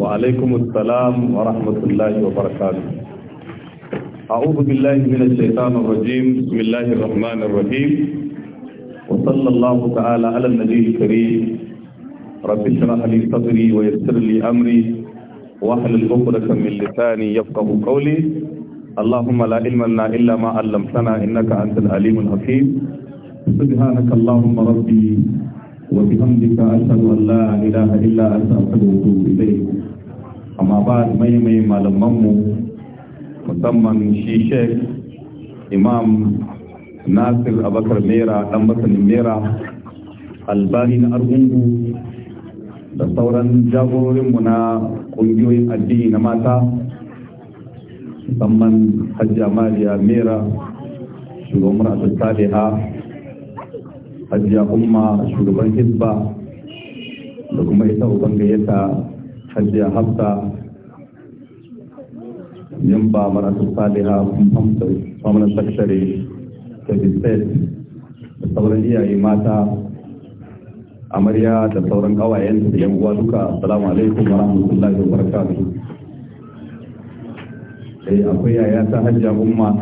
وعليكم السلام ورحمة الله وبركاته أعوذ بالله من الشيطان الرجيم بسم الله الرحمن الرحيم وصلى الله تعالى على النبي الكريم رب اشرح لي صدري ويسر لي أمري واحلل عقدة من لساني يفقه قولي اللهم لا علم لنا إلا ما علمتنا إنك أنت العليم الحكيم سبحانك اللهم ربي وبحمدك أشهد أن لا إله إلا أنت أستغفرك إليك أما بعد مي مي malamanmu musamman shi sheik imam nasir abakar mera dan masanin mera albani na argungu da sauran jagororinmu na ƙungiyoyin addini na mata musamman hajji amariya mera shugaban mura ta hajiya umma shugaban hisba da kuma ita uban gayyata hajiya hafsa yin ba maratu saliha kwamfanin sakshare ta bisset da sauran iyaye mata amarya da sauran kawayen da yan uwa duka salamu alaikum wa rahmatullahi wa barakatuh eh, akwai yaya ta hajji umma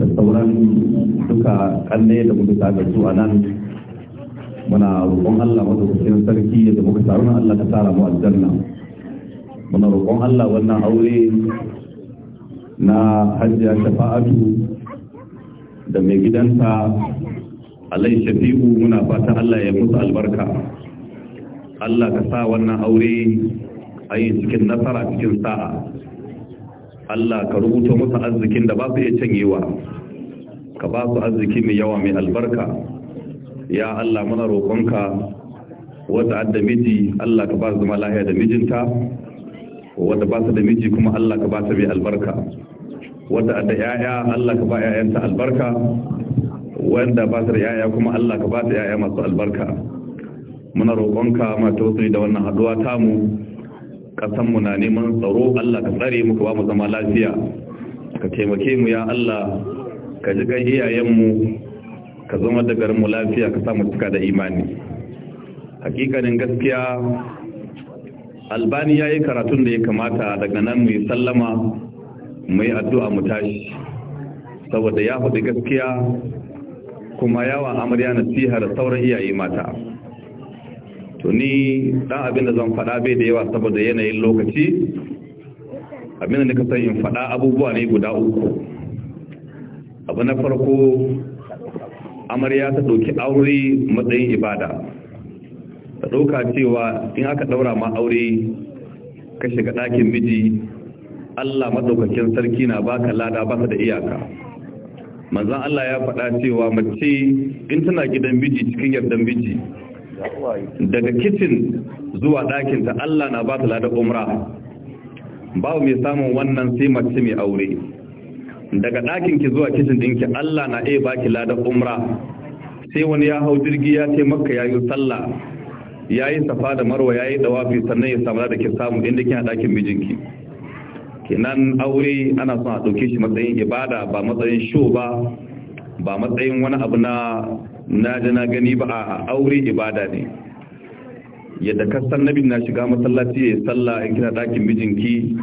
da sauran duka kalle da muka sa su a nan muna roƙon Allah cikin sarki da muka taru na Allah ka tara mu aljanna muna roƙon Allah wannan aure na hajjia shafa'atu da mai gidanta alai shafi'u muna fata Allah ya musu albarka Allah ka sa wannan aure a yi cikin nasara cikin sa'a Allah ka rubuta musu arzikin da ba su iya canyewa ka ba su arziki mai yawa mai albarka ya Allah muna roƙonka wata adda miji Allah ka ba su zama lahiya da mijinta wata ba su da miji kuma Allah ka ba su mai albarka wata adda yaya Allah ka ba yayanta albarka wanda ba su da yaya kuma Allah ka ba su yaya masu albarka muna roƙonka ma tausiri da wannan haɗuwa tamu mu na neman tsaro Allah ka tsare mu ka ba mu zama lafiya ka taimake mu ya Allah ka ji ga iyayenmu ka zama da garinmu lafiya ka samu cika da imani hakikanin gaskiya albani ya yi karatun da ya kamata daga nan mu yi sallama mai addu'a mu tashi saboda ya faɗi gaskiya kuma yawa amarya nasiha da sauran iyaye mata Tuni ɗan abin da zan faɗa bai da yawa saboda yanayin lokaci abin da nika san in faɗa abubuwa ne guda uku abu na farko amarya ta ɗauki aure matsayin ibada ta ɗauka cewa in aka ɗaura ma aure ka shiga ɗakin miji Allah maɗaukakin sarki na baka lada baka da iyaka manzan Allah ya faɗa cewa mace in tana gidan miji cikin yardan miji daga kicin zuwa ɗakinta Allah na ba lada umra babu mai samun wannan sai mace mai aure daga ɗakin ki zuwa kishin ɗinki Allah na iya baki ladan umra sai wani ya hau jirgi ya ce maka ya yi sallah ya yi safa da marwa ya yi dawafi sannan ya samu da ke samu inda kina ɗakin mijinki kenan aure ana son a ɗauke shi matsayin ibada ba matsayin sho ba ba matsayin wani abu na na na gani ba a aure ibada ne yadda kasan nabi na shiga masallaci ya yi sallah in kina ɗakin mijinki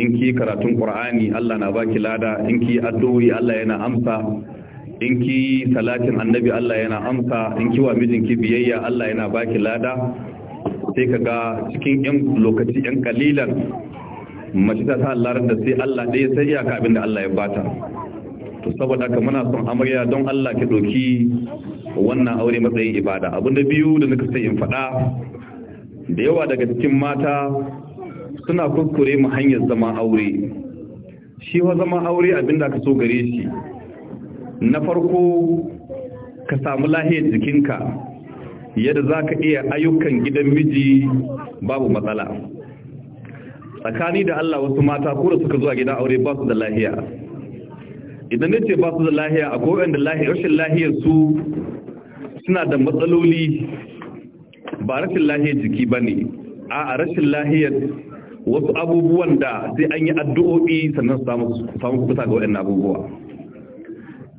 in ki karatun qur'ani Allah na baki lada in ki addu'o'i Allah yana amsa in ki salatin annabi Allah yana amsa in ki wa mijinki biyayya Allah yana baki lada sai kaga cikin yan lokaci yan kalilan mace ta sa Allah da sai Allah dai sai iyaka abin da Allah ya bata to saboda haka muna son amarya don Allah ki doki wannan aure matsayin ibada abin da biyu da nika sai in faɗa da yawa daga cikin mata suna kurkure mu hanyar zama aure shi wa zama aure abinda ka so gare shi na farko ka samu lahiyar jikinka yadda za ka iya ayyukan gidan miji babu matsala tsakani da Allah wasu mata kura suka zuwa gidan aure ba su da lahiya idan ne ce ba su da lahiya a koyon da rashin lahiyar su suna da matsaloli ba rashin lahiyar jiki ba ne a rashin lahiyar wasu abubuwan da sai an yi addu'o'i sannan su samu kusa ga waɗannan abubuwa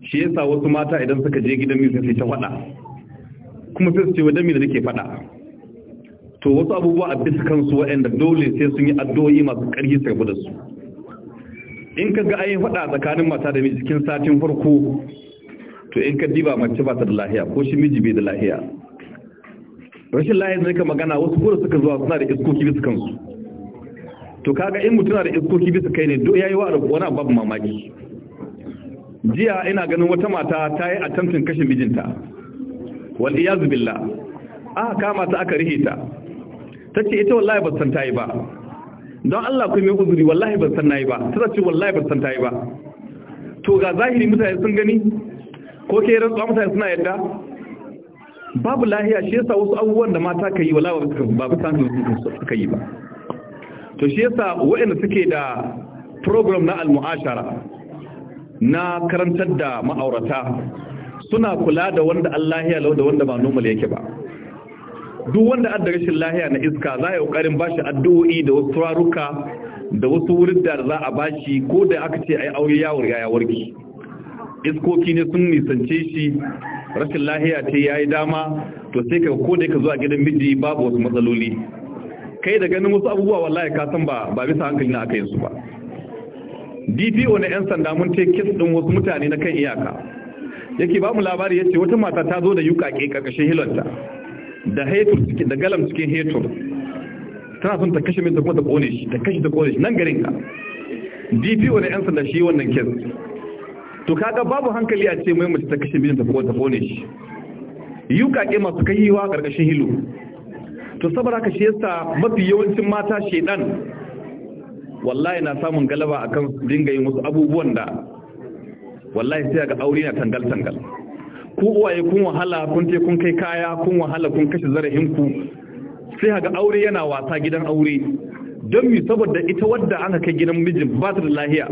shi yasa wasu mata idan suka je gidan mil sai ta faɗa kuma sai su ce wajen da nake faɗa to wasu abubuwa a bisa kansu waɗanda dole sai sun yi addu'o'i masu ƙarfi su rabu da su in ka ga an yi faɗa tsakanin mata da miji cikin satin farko to in ka diba mace ba ta da lahiya ko shi miji bai da lahiya rashin lahiya zai ka magana wasu kura suka zuwa suna da iskoki bisa kansu to kaga in mutuna da iskoki bisa kai ne do yayi wa wani babu mamaki jiya ina ganin wata mata ta yi attempting kashe mijinta wal iyaz billah aka kama ta aka rihe ta tace ita wallahi ba san tayi ba don Allah ku mai uzuri wallahi ba san nayi ba ta ce wallahi ba san tayi ba to ga zahiri mutane sun gani ko ke rantsuwa mutane suna yadda babu lahiya shi yasa wasu abubuwan da mata ka yi ba ba ba su suka yi ba to shi yasa waɗanda suke da program na al-mu'ashara na karantar da ma'aurata suna kula da wanda Allah ya lauda wanda ba normal yake ba duk wanda adda rashin lahiya na iska za ya kokarin bashi addu'o'i da wasu turaruka da wasu wurin da za a bashi ko da aka ce ai aure ya wurga ya warki iskoki ne sun nisance shi rashin lahiya ce yayi dama to sai ka ko da ka zo a gidan miji babu wasu matsaloli kai da ganin wasu abubuwa wallahi ka san ba ba bisa hankali na aka yin su ba DPO na yan sanda mun ce kes din wasu mutane na kan iyaka yake ba mu labari yace wata mata ta zo da yukake karkashin hilonta da hetur da galam cikin hetur tana son ta kashe mai ta kuma ta kone shi ta kashe ta kone shi nan garin ka DPO na yan sanda shi wannan kes to kaga babu hankali a ce mai mace ta kashe mijinta kuma ta kone shi yukake masu kaiwa karkashin hilo to saboda haka shi yasa mafi yawancin mata shedan wallahi na samun galaba akan dinga yin wasu abubuwan da wallahi sai ga aure na tangal tangal ku uwaye kun wahala kun kun kai kaya kun wahala kun kashe zarafin ku sai ga aure yana wasa gidan aure don mi saboda ita wadda aka kai gidan mijin ba ta da lahiya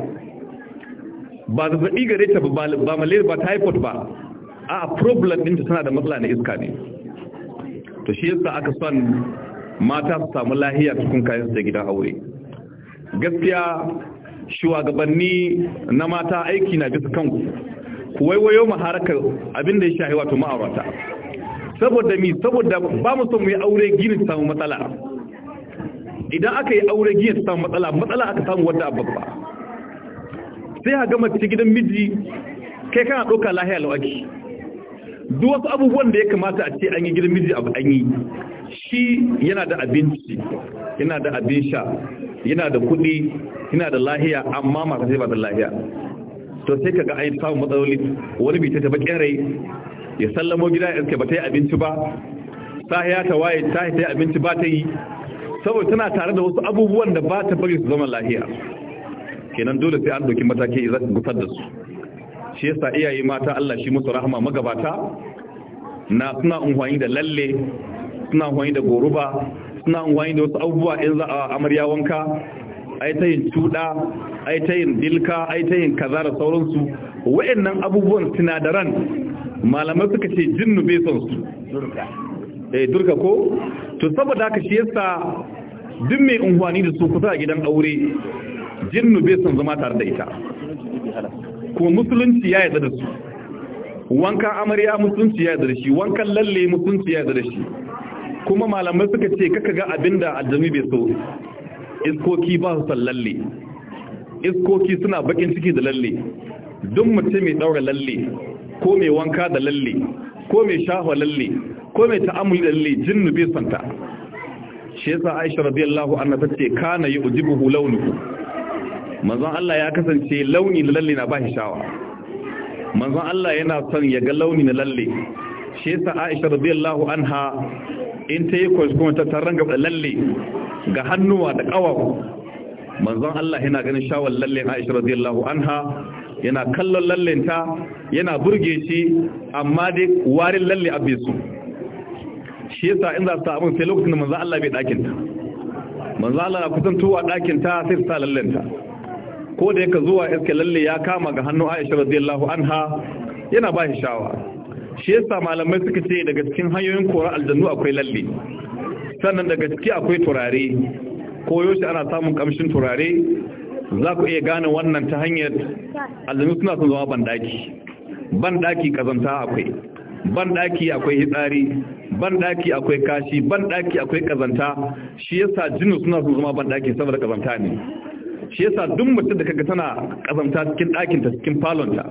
ba zazzaɓi gare ta ba malaria ba typhoid ba a problem ta tana da matsala na iska ne to shi yasa aka son mata su samu lahiya cikin kayan da gidan aure gaskiya shugabanni na mata aiki na bisa kanku ku waiwayo mu haraka abin da ya shahi wato ma'aurata saboda mi saboda ba mu son mu yi aure gini su samu matsala idan aka yi aure gini su samu matsala matsala aka samu wadda babba sai ha gama cikin gidan miji kai kana ɗauka lahiya lawaki duk wasu abubuwan da ya kamata a ce an yi gidan miji abu an yi shi yana da abinci yana da abin sha yana da kuɗi yana da lahiya amma masu sai ba da lahiya to sai kaga an samun matsaloli wani bai ta tafi kere ya sallamo gida ya ba ta yi abinci ba Ta sahiya ta waye ta yi abinci ba ta yi saboda tana tare da wasu abubuwan da ba ta bari su zama lahiya kenan dole sai an ɗauki matakin gusar da su shi yasa iyaye mata Allah shi musu rahama magabata na suna unhwani da lalle suna unhwani da goruba suna unhwani da wasu abubuwa in za a amarya wanka ai ta yin tuda ai ta yin dilka ai ta yin kaza da sauransu wayannan abubuwan sinadaran malamai suka ce jinnu bai son su eh durka ko to saboda haka shi yasa duk mai unhwani da su kusa a gidan aure jinnu bai son zama tare da ita Ko musulunci ya yarda da su wankan amarya musulunci ya yarda da shi wankan lalle musulunci ya yarda da shi kuma malamai suka ce kaka ga abinda aljami bai so iskoki ba su san lalle iskoki suna bakin ciki da lalle duk mutum mai daura lalle ko mai wanka da lalle ko mai shafa lalle ko mai ta'amuli lalle jinnu bai santa shi yasa Aisha radiyallahu anha tace kana yujibuhu launuhu manzon Allah ya kasance launi na lalle na ba shi shawa manzon Allah yana son ya ga launi na lalle shi yasa Aisha radiyallahu anha in ta yi kwaskwon ta taron da lalle ga hannuwa da kawawa manzon Allah yana ganin shawar lalle Aisha radiyallahu anha yana kallon lallen ta yana burge shi amma dai warin lalle a bisu shi yasa in za ta abin sai lokacin da manzon Allah bai dakin ta manzon Allah na kusantowa dakin ta sai ta lallen ta ko da yake zuwa iske lalle ya kama ga hannu Aisha radiyallahu anha yana ba shi shawa shi yasa malamai suka ce daga cikin hanyoyin kora aljannu akwai lalle sannan daga ciki akwai turare koyo shi ana samun kamshin turare za ku iya gane wannan ta hanyar aljannu suna son zama bandaki bandaki kazanta akwai bandaki akwai hitsari bandaki akwai kashi bandaki akwai kazanta shi yasa jinnu suna sun zama bandaki saboda kazanta ne shi yasa duk mutum da kaga tana kazanta cikin ɗakin ta cikin falon ta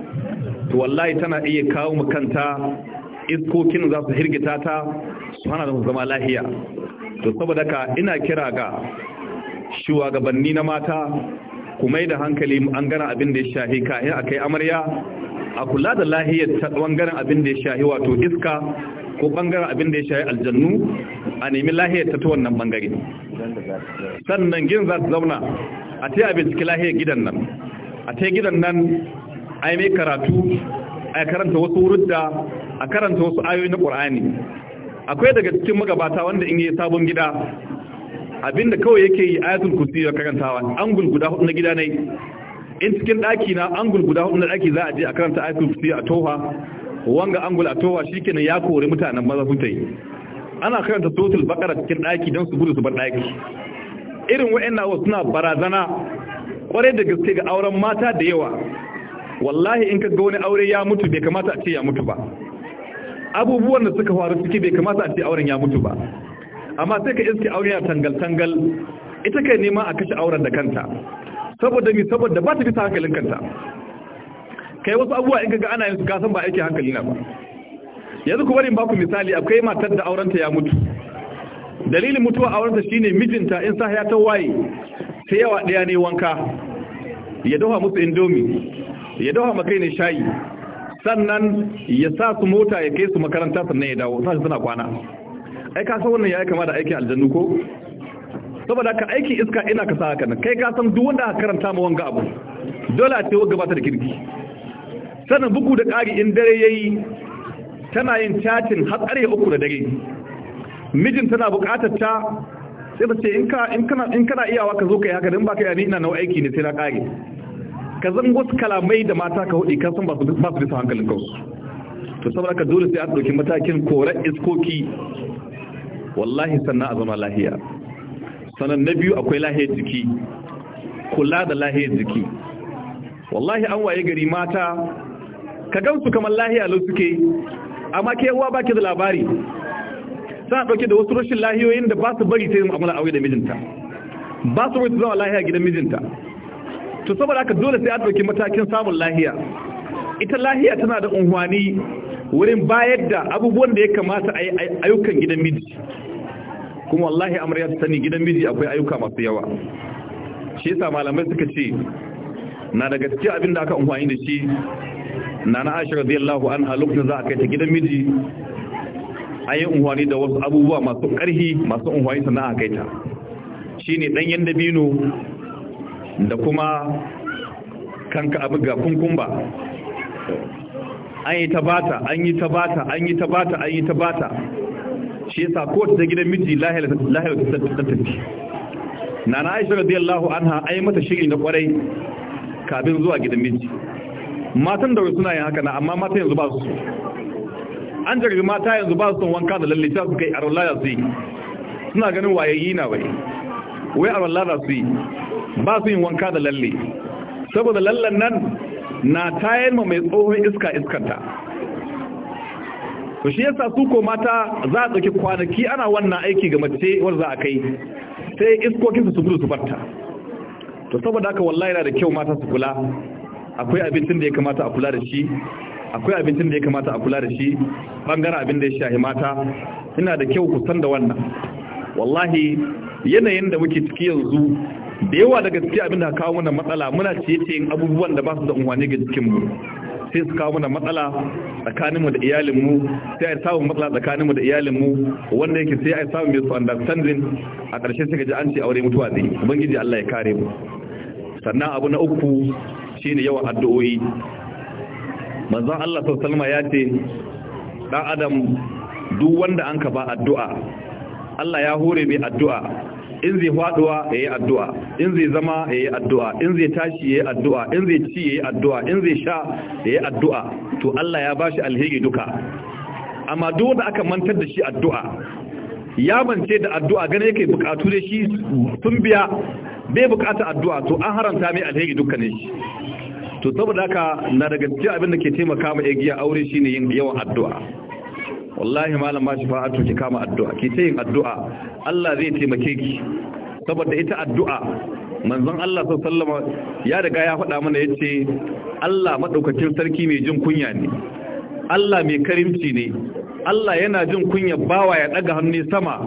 to wallahi tana iya kawo mu kanta iskokin za su hirgita ta su hana zama lahiya to saboda ka ina kira ga shugabanni na mata kuma da hankali an gana abin da ya shahi kayan a kai amarya a kula da lahiyar ta bangaren abin da ya shahi wato iska ko bangaren abin da ya shahi aljannu a nemi lahiyar ta ta wannan bangare sannan gin za su zauna a ta yi binciki lahiyar gidan nan a ta gidan nan a yi mai karatu a karanta wasu wurudda a karanta wasu ayoyi na ƙur'ani akwai daga cikin magabata wanda in yi sabon gida abinda kawai yake yi ayatul kursi ya karantawa angul guda hudu na gida ne in cikin ɗaki na angul guda hudu na ɗaki za a je a karanta ayatul kursi a toha wanga angul a toha shikenan ya kore mutanen maza sun ta yi ana karanta sotul bakara cikin ɗaki don su gudu su bar ɗaki irin wa'annan wasu suna barazana kwarai da gaske ga auren mata da yawa wallahi in ka ga wani aure ya mutu bai kamata a ce ya mutu ba abubuwan da suka faru suke bai kamata a ce auren ya mutu ba amma sai ka iske aure ya tangal-tangal ita kai nema a kashe auren da kanta saboda mi saboda ba ta bisa hankalin kanta kai wasu abubuwa in ga ana yin su kasan ba aiki hankali na ba yanzu ku bari ba ku misali akwai matar da aurenta ya mutu dalilin mutuwa a wurinsa shine mijinta in sahiya ta waye sai yawa daya ne wanka ya dafa musu indomi ya dafa maka ne shayi sannan ya sa su mota ya kai su makaranta sannan ya dawo sashi suna kwana ai ka san wannan ya kama da aikin aljannu ko saboda ka aiki iska ina ka sa haka nan kai ka san duk wanda aka karanta ma wanga abu dole a ce wanga ba ta da kirki sannan bugu da ƙari in dare yayi tana yin chatin har ƙarfe uku da dare mijin tana buƙatar ta sai ta ce in kana iyawa ka zo kai haka dan baka yani ina nawa aiki ne sai na kage ka zan wasu kalamai da mata ka hudu ka san ba su nisa hankalin kansu to saboda ka dole sai a ɗauki matakin korar iskoki wallahi sannan a zama lahiya sannan na biyu akwai lahiyar jiki kula da lahiyar jiki wallahi an waye gari mata ka gamsu kamar lahiya lau suke amma ke uwa ki da labari suna ɗauke da wasu rashin lahiyoyin da ba su bari sai mu'amala aure da mijinta ba su bari su zama lahiya gidan mijinta to saboda haka dole sai a ɗauki matakin samun lahiya ita lahiya tana da unhwani wurin bayar da abubuwan da ya kamata a yi ayyukan gidan miji kuma wallahi amarya ta sani gidan miji akwai ayyuka masu yawa shi yasa malamai suka ce na daga cikin abin da aka unguwani da shi na na aisha radiyallahu anha lokacin za a kai ta gidan miji an yi unhwani da wasu abubuwa masu ƙarhi masu unhwani sana'a kai ta shi ne ɗanyen dabino da kuma kanka abu ga kunkumba an yi ta bata an yi ta bata an yi ta bata an yi ta bata shi yasa kowace ta gidan miji lahiyar ta tattafi na na aisha radiyallahu anha an yi mata shiri na kwarai kafin zuwa gidan miji matan da suna yin haka na amma matan yanzu ba su an jarbi mata yanzu ba su son wanka da lalle ta su kai a da su yi suna ganin wayayi na wai wai a da su yi ba su yin wanka da lalle saboda lallan nan na tayar ma mai tsohon iska iskanta to shi yasa su ko mata za a ɗauki kwanaki ana wannan aiki ga mace wanda za a kai sai iskokin su gudu su barta to saboda haka wallahi yana da kyau mata su kula akwai abincin da ya kamata a kula da shi akwai abincin da ya kamata a kula da shi bangaren abin da ya shahi mata ina da kyau ku san da wannan wallahi yanayin da muke ciki yanzu da yawa daga cikin abin da kawo mana matsala muna ciye-ciyen abubuwan da ba su da unwani ga jikinmu sai su kawo mana matsala tsakaninmu da iyalinmu sai a samun matsala tsakaninmu da iyalinmu wanda yake sai a samun misunderstanding a ƙarshe sai gaji an ce aure mutuwa ne ubangiji Allah ya kare mu sannan abu na uku shine yawan addu'o'i manzon Allah Salma ya ce dan adam duk wanda an ka ba addu'a Allah ya hore mai addu'a in zai faduwa yayi addu'a in zai zama yayi addu'a in zai tashi yayi addu'a in zai ci yayi addu'a in zai sha yayi addu'a to Allah ya bashi alheri duka amma duk wanda aka mantar da shi addu'a ya mance da addu'a gane yake bukatu da shi sun biya bai bukata addu'a to an haramta mai alheri dukkanin shi to saboda haka na daga cikin abin da ke taimaka ma igiya aure shine yin yawan addu'a wallahi malam ba shi fa'atu ki kama addu'a ki ta yin addu'a Allah zai taimake ki saboda ita addu'a manzon Allah sallallahu ya riga ya faɗa mana yace Allah madaukakin sarki mai jin kunya ne Allah mai karimci ne Allah yana jin kunya bawa ya daga hannu sama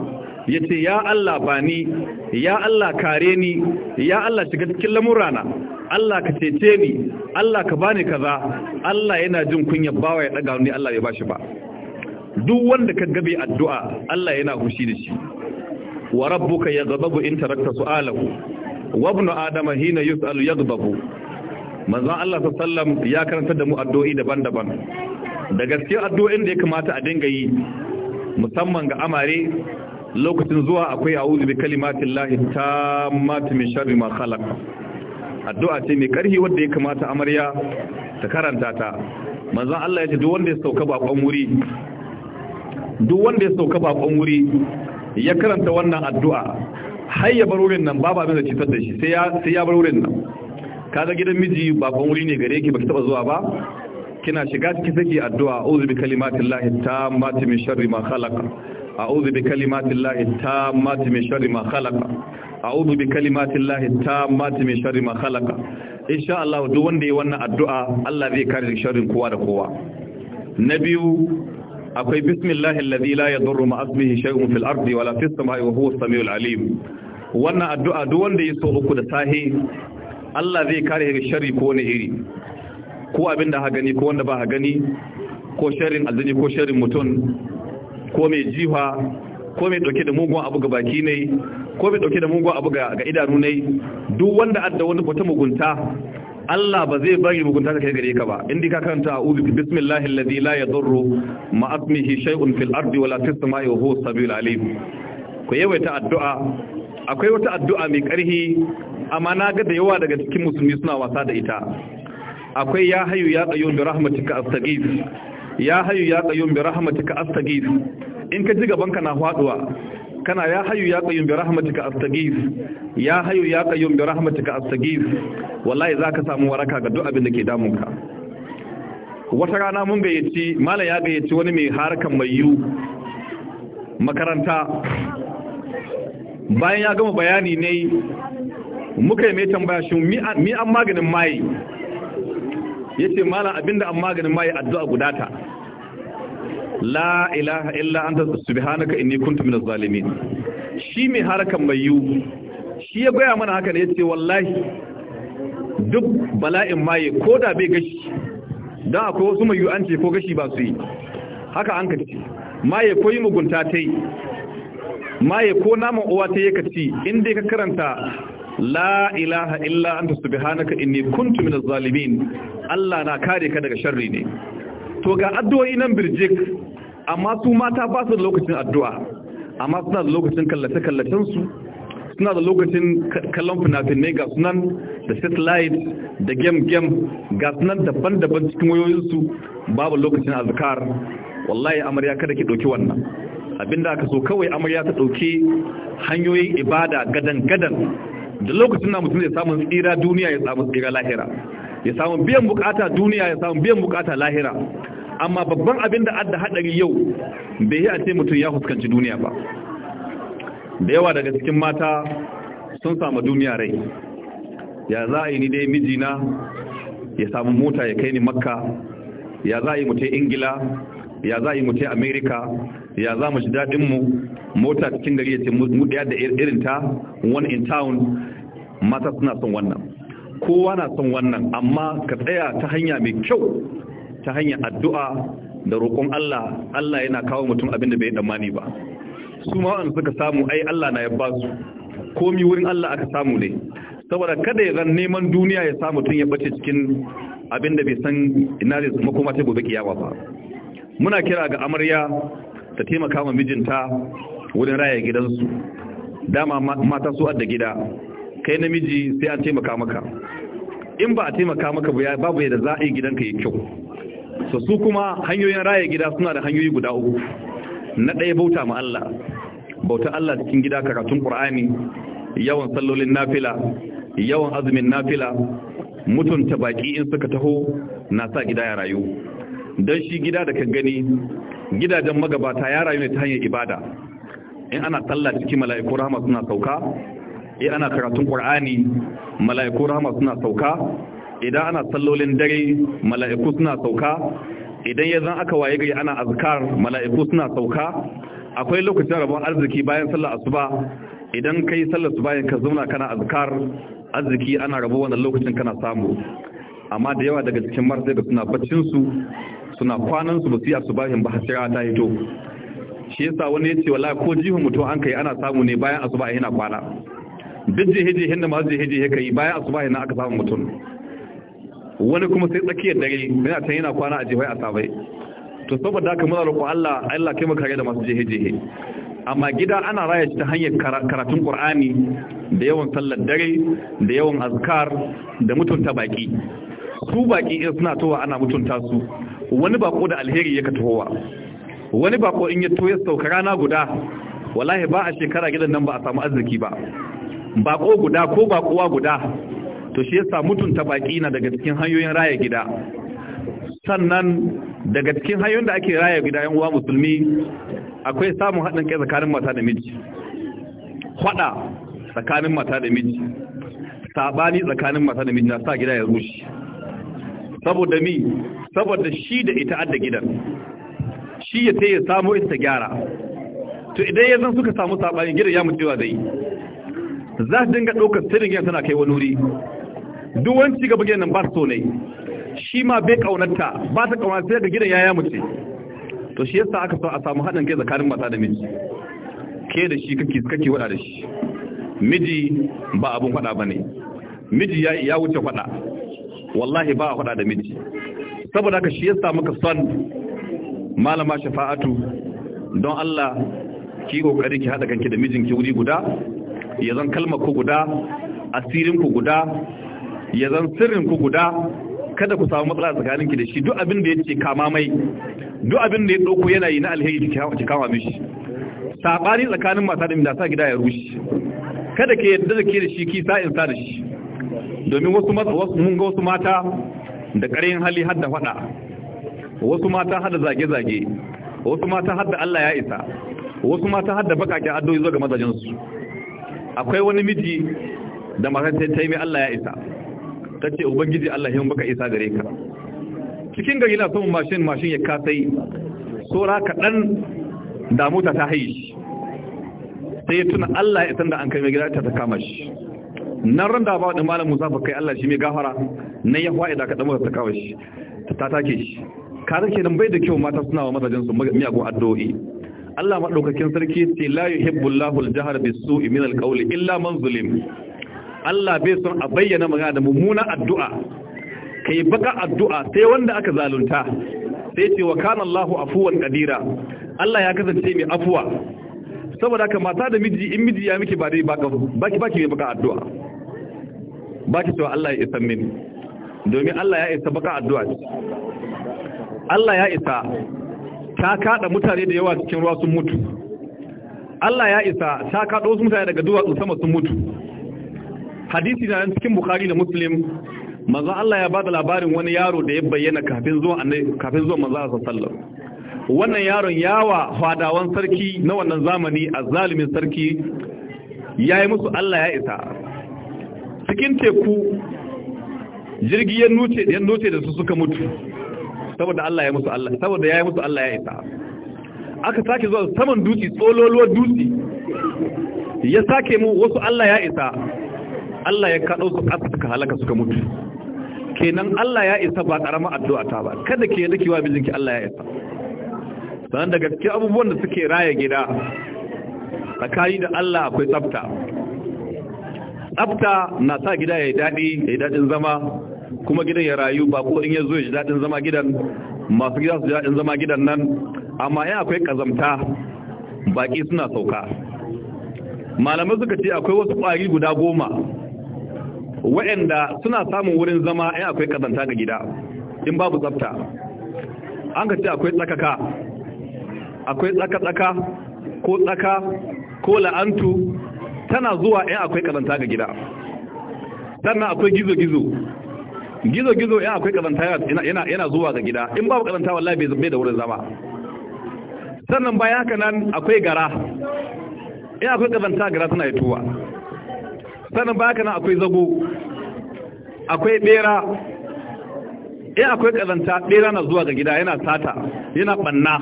ya ce ya Allah bani, ni ya Allah kare ni ya Allah shiga cikin lamurana Allah ka cece ni Allah ka bani kaza Allah yana jin kunya bawa ya daga ni Allah ya bashi ba duk wanda ka gabe addu'a Allah yana hushi da shi wa rabbuka yaghdabu in tarakta su'alahu wa ibnu adama hina yus'alu yaghdabu manzon Allah sallallahu ya karanta da mu addu'o'i daban-daban da gaske addu'o'in da ya kamata a dinga yi musamman ga amare lokacin zuwa akwai a'udhu bi kalimatin lahi tammati min sharri ma khalaq addu'a ce mai karhi wanda ya kamata amarya ta karanta ta manzon Allah ya ce duk wanda ya sauka baƙon wuri duk wanda ya sauka bakon wuri ya karanta wannan addu'a har ya bar wurin nan babu abin da cutar da shi sai ya sai ya bar wurin nan kaga gidan miji bakon wuri ne gare ki baki taba zuwa ba kina shiga cikin saki addu'a a'udhu bi kalimatin lahi tammati min sharri ma khalaq أعوذ بكلمات الله التامات من شر ما خلق أعوذ بكلمات الله التامات من شر ما خلق إن شاء الله دو wanda yi wannan addu'a Allah zai kare sharrin kowa da kowa na biyu akwai bismillahi alladhi la yadurru ma ismihi shay'un fil wala fis wa wannan addu'a duk wanda yi so uku da sahi Allah zai kare sharri ko wani iri ko abinda ha gani ko wanda ba ha gani ko sharrin aljini ko sharrin mutum ko mai jiha ko mai dauke da mugun abu ga baki ne ko mai dauke da mugun abu ga idanu ne duk wanda adda wani wata mugunta Allah ba zai bari mugunta ka kai gare ka ba indi ka karanta a'udhu bismillahi alladhi la yadurru ma'atmihi shay'un fil ardi wala fis samai wa huwa sabil alim ku yawaita addu'a akwai wata addu'a mai karhi amma na ga da yawa daga cikin musulmi suna wasa da ita akwai ya hayu ya tsayo bi rahmatika astaghith ya hayu ya qayyum bi rahmatika astaghith in ka ji gaban ka na faduwa kana ya hayu ya qayyum bi rahmatika astaghith ya hayu ya qayyum bi rahmatika astaghith wallahi zaka samu waraka ga duk abin da ke ka. wata rana mun gayyaci malam ya gayyaci wani mai harkan mai yu makaranta bayan ya gama bayani ne muka yi mai tambaya shi mi an maganin mai Ya ce mala abinda an maganin ma ya addu'a gudata la ilaha illa anta subhanaka inni kuntu minaz zalimin shi mai harakan mai yu shi ya gwaya mana haka ne ce wallahi duk bala'in maye ko da bai gashi dan akwai wasu mai yu an ce ko gashi ba su yi haka an kace maye ko yi mugunta tai maye ko naman uwa ta yi ci inda dai ka karanta la ilaha illa anta subhanaka inni kuntu minaz zalimin Allah na kare ka daga sharri ne to ga addu'o'i nan birjik amma su mata ba su da lokacin addu'a amma suna da lokacin kallace kallacen su suna da lokacin kallon fina-finai ga sunan da satellite da gem-gem ga sunan daban-daban cikin wayoyinsu babu lokacin azkar wallahi amarya kada ki dauki wannan abinda aka so kawai amarya ta ɗauki hanyoyin ibada gadan-gadan da lokacin na mutum zai samun tsira duniya ya samun tsira lahira ya samun biyan bukata duniya ya samun biyan bukata lahira amma babban abin da adda hadari yau bai yi a ce mutum ya fuskanci duniya ba da yawa daga cikin mata sun samu duniya rai ya za a yi ni dai mijina ya samu mota ya kai ni makka ya za a yi mutum ingila ya za a yi mutum amerika ya za mu ji daɗin mu mota cikin gari ya ce mu da irin ta one in town mata suna son wannan kowa na son wannan amma ka tsaya ta hanya mai kyau ta hanyar addu'a da roƙon Allah Allah yana kawo mutum abin da bai damani ba su ma wanda suka samu ai Allah na ya ba su komi wurin Allah aka samu ne saboda kada ya zan neman duniya ya samu tun ya bace cikin abin da bai san ina zai makoma ta gobe kiyawa ba muna kira ga amarya ta taimaka ma mijinta wurin raya gidansu dama mata su adda gida kai namiji sai an taimaka maka in ba a taimaka maka babu yadda za a yi gidanka ya kyau so su kuma hanyoyin raya gida suna da hanyoyi guda uku na ɗaya bauta ma Allah bauta Allah cikin gida karatun Qur'ani yawan sallolin nafila yawan azumin nafila mutunta baki in suka taho na sa gida ya rayu don shi gida da kan gani gidajen magabata ya rayu ne ta hanyar ibada in ana sallah cikin mala'iku rahama suna sauka in ana karatun qur'ani mala'iku rahama suna sauka idan ana sallolin dare mala'iku suna sauka idan ya zan aka waye gari ana azkar mala'iku suna sauka akwai lokacin rabon arziki bayan sallar asuba idan kai sallar su bayan ka zauna kana azkar arziki ana rabo wannan lokacin kana samu amma da yawa daga cikin marasa da suna baccin suna kwanan su basu su bahin ba hasira ta hito shi yasa wani ya ce wallahi ko jihun mutum an kai ana samu ne bayan asuba yana kwana duk jihe hinda masu jihe ya kai bayan asuba yana aka samu mutum wani kuma sai tsakiyar dare yana can yana kwana a jihai a sabai to saboda haka muna roƙo Allah Allah kai makare da masu jihe amma gida ana raya shi ta hanyar karatun Qur'ani da yawan sallar dare da yawan azkar da mutunta baki su baki in suna towa ana mutunta su wani bako da alheri yake tahowa wani bako in ya toye ya sauka rana guda wallahi ba a shekara gidan nan ba a samu arziki ba bako guda ko bakowa guda to shi yasa mutunta baki na daga cikin hanyoyin raya gida sannan daga cikin hanyoyin da ake raya gida yan uwa musulmi akwai samun haɗin kai tsakanin mata da miji faɗa tsakanin mata da miji sabani tsakanin mata da miji na sa gida ya rushe saboda mi saboda shi da ita adda gidan shi ya sai ya samu ita gyara to idan ya zan suka samu saɓanin gidan ya mutuwa zai za su dinga ɗaukar sirrin yan tana kai wani wuri duk wani ci gaba gidan ba so ne shi ma bai ƙaunarta ba ta ƙaunar sai da gidan ya ya mutu to shi yasa aka so a samu haɗin kai tsakanin mata da miji ke da shi kake kake wada da shi miji ba abun faɗa bane miji ya ya wuce faɗa wallahi ba a faɗa da miji saboda haka shi yasa muka son malama shafa'atu don Allah ki kokari ki hada kanki da mijinki wuri guda ya zan kalmar ku guda asirin ku guda ya zan sirrin ku guda kada ku samu matsala tsakaninki da shi duk abin da ce kama mai duk abin da ya dauko yana yi na alheri ki kama mishi sabani tsakanin mata da mijin da sa gida ya rushe kada ke yadda da ke da shi ki sa'in sa da shi domin wasu mun ga wasu mata da ƙarin hali hadda faɗa wasu mata hadda zage-zage wasu mata hadda Allah ya isa wasu mata hadda bakakin addu'o'i zuwa ga mazajinsu akwai wani miji da matan ta yi Allah ya isa ta ce ubangiji Allah yin baka isa gare ka cikin gari na son mashin mashin ya kasai tsora kaɗan damuta ta haishi sai ya tuna Allah ya isan da an kai mai gida ta ta kama shi nan da ba da malam Musa kai Allah shi mai gafara nan ya fa'ida ka dama ta kawai shi ta take shi ka rike nan bai da kyau mata suna wa mazajin su miyagun addu'o'i Allah madaukakin sarki sai la yuhibbullahu al-jahr min alqawli illa man zulim Allah bai son a bayyana magana da mummuna addu'a kai baka addu'a sai wanda aka zalunta sai ce wa kana Allahu afuwan qadira Allah ya kasance mai afuwa saboda haka mata da miji in miji ya miki ba dai baki baki mai baka addu'a ba ki cewa Allah ya isa mini domin Allah ya isa baka addu'a Allah ya isa ta kada mutane da yawa cikin ruwa sun mutu Allah ya isa ta kada wasu mutane daga duwatsu sama sun mutu hadisi na cikin Bukhari da Muslim manzo Allah ya bada labarin wani yaro da ya bayyana kafin zuwa kafin zuwa manzo sallallahu alaihi wasallam wannan yaron yawa fadawan sarki na wannan zamani azzalimin sarki yayi musu Allah ya isa cikin teku jirgi ya nuce ya nuce da su suka mutu saboda Allah ya musu Allah saboda ya yi musu Allah ya isa aka sake zuwa saman dutsi, tsololuwar dutsi ya sake mu wasu Allah ya isa Allah ya kaɗo su ƙasa suka halaka suka mutu kenan Allah ya isa ba ƙarama addu'a ta ba kada ke yadda wa mijinki Allah ya isa sannan da gaske abubuwan da suke raya gida tsakani da Allah akwai tsafta tsafta na sa gida ya yi daɗi ya yi daɗin zama kuma gidan ya rayu ba ko in ya zo ya ji daɗin zama gidan masu gida su ji daɗin zama gidan nan amma ya akwai ƙazamta baƙi suna sauka malamai suka ce akwai wasu ƙwari guda goma waɗanda suna samun wurin zama ya akwai ƙazanta ga gida in babu tsafta an ka ce akwai tsakaka akwai tsaka-tsaka ko tsaka ko la'antu tana zuwa in akwai ƙazanta ga gida sannan akwai gizo-gizo gizo-gizo in akwai ƙazanta yana zuwa ga gida in babu ƙazanta wallahi bai zube da wurin zama sannan bayan haka nan akwai gara in akwai ƙazanta gara tana tuwa. sannan bayan haka nan akwai zago akwai bera in akwai ƙazanta bera na zuwa ga gida yana sata yana ɓanna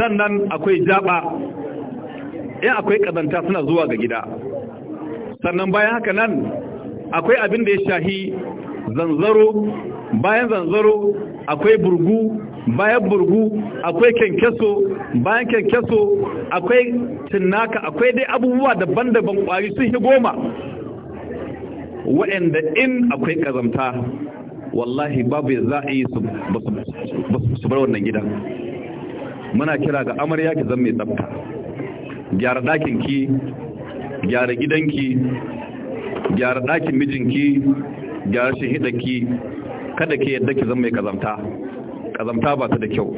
sannan akwai jaba in akwai kazanta suna zuwa ga gida sannan bayan haka nan akwai abin da ya shahi zanzaro bayan zanzaro akwai burgu bayan burgu akwai kyankyaso bayan kyankyaso akwai cinnaka akwai dai abubuwa daban-daban kwari sun yi goma waɗanda in akwai kazanta wallahi babu ya zaa yi su bar wannan gidan muna kira ga amarya ki zan mai tsabta gyara ɗakinki gyara gidanki gyara ɗakin mijinki gyara shi ki, kada ke yadda ki zama mai kazamta kazamta ba ta da kyau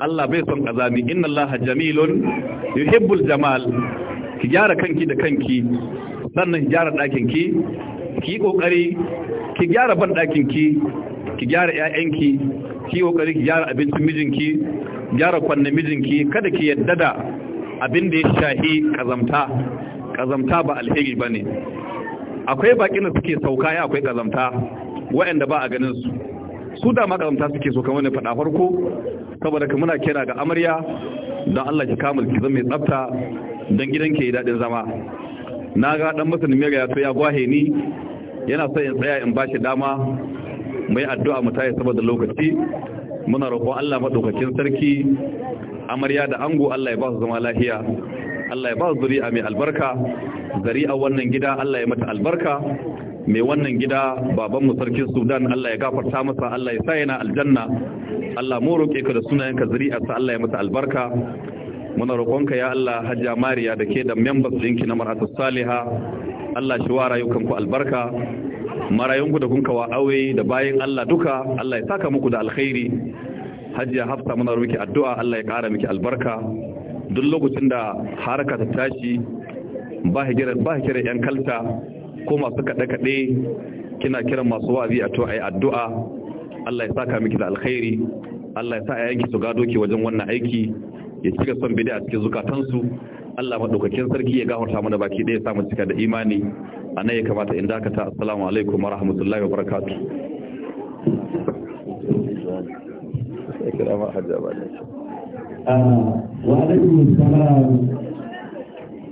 Allah bai son kazami inna Allah jamilun yuhibbul jamal ki gyara kanki da kanki sannan ki gyara ɗakinki ki kokari ki gyara ban ɗakinki ki gyara ƴaƴanki ki kokari ki gyara abincin mijinki gyara kwanne mijinki kada ki yadda da abin da ya shahi kazamta kazamta ba alheri ba ne akwai bakin da suke sauka ya akwai kazamta waɗanda ba a ganin su su da ma kazamta suke so kamar ne faɗa farko saboda ka muna kira ga amarya don Allah ki kamul ki zama mai tsafta don gidan ke daɗin zama na ga ɗan musulmi ya to ya gwahe ni yana son in tsaya in ba shi dama mai addu'a mu tayi saboda lokaci muna roƙon Allah madaukakin sarki amarya da ango Allah ya ba su zama lafiya Allah ya ba su zuri'a mai albarka zari'a wannan gida Allah ya mata albarka mai wannan gida babanmu sarkin sudan Allah ya gafarta masa Allah ya sa yana aljanna Allah mu roƙe ka da zari'a sa Allah ya mata albarka muna roƙonka ya Allah hajja mariya da ke da members ɗinki na mar'atu saliha Allah shi wa rayukanku albarka marayunku da kun wa aure da bayan Allah duka Allah ya saka muku da alkhairi hajiya hafsa muna miki addu'a Allah ya ƙara miki albarka duk lokacin da haraka ta tashi ba hijira ba hijira yan kalta ko masu kaɗe kaɗe kina kiran masu wa'azi a to ayi addu'a Allah ya saka miki da alkhairi Allah ya sa a yanki su gado ki wajen wannan aiki ya cika son bid'a cikin zukatansu Allah madaukakin sarki ya gafarta mana baki ɗaya samu cika da imani anan ya kamata in dakata assalamu alaikum wa rahmatullahi wa barakatuh ya kira ma hajjaba da Wa salam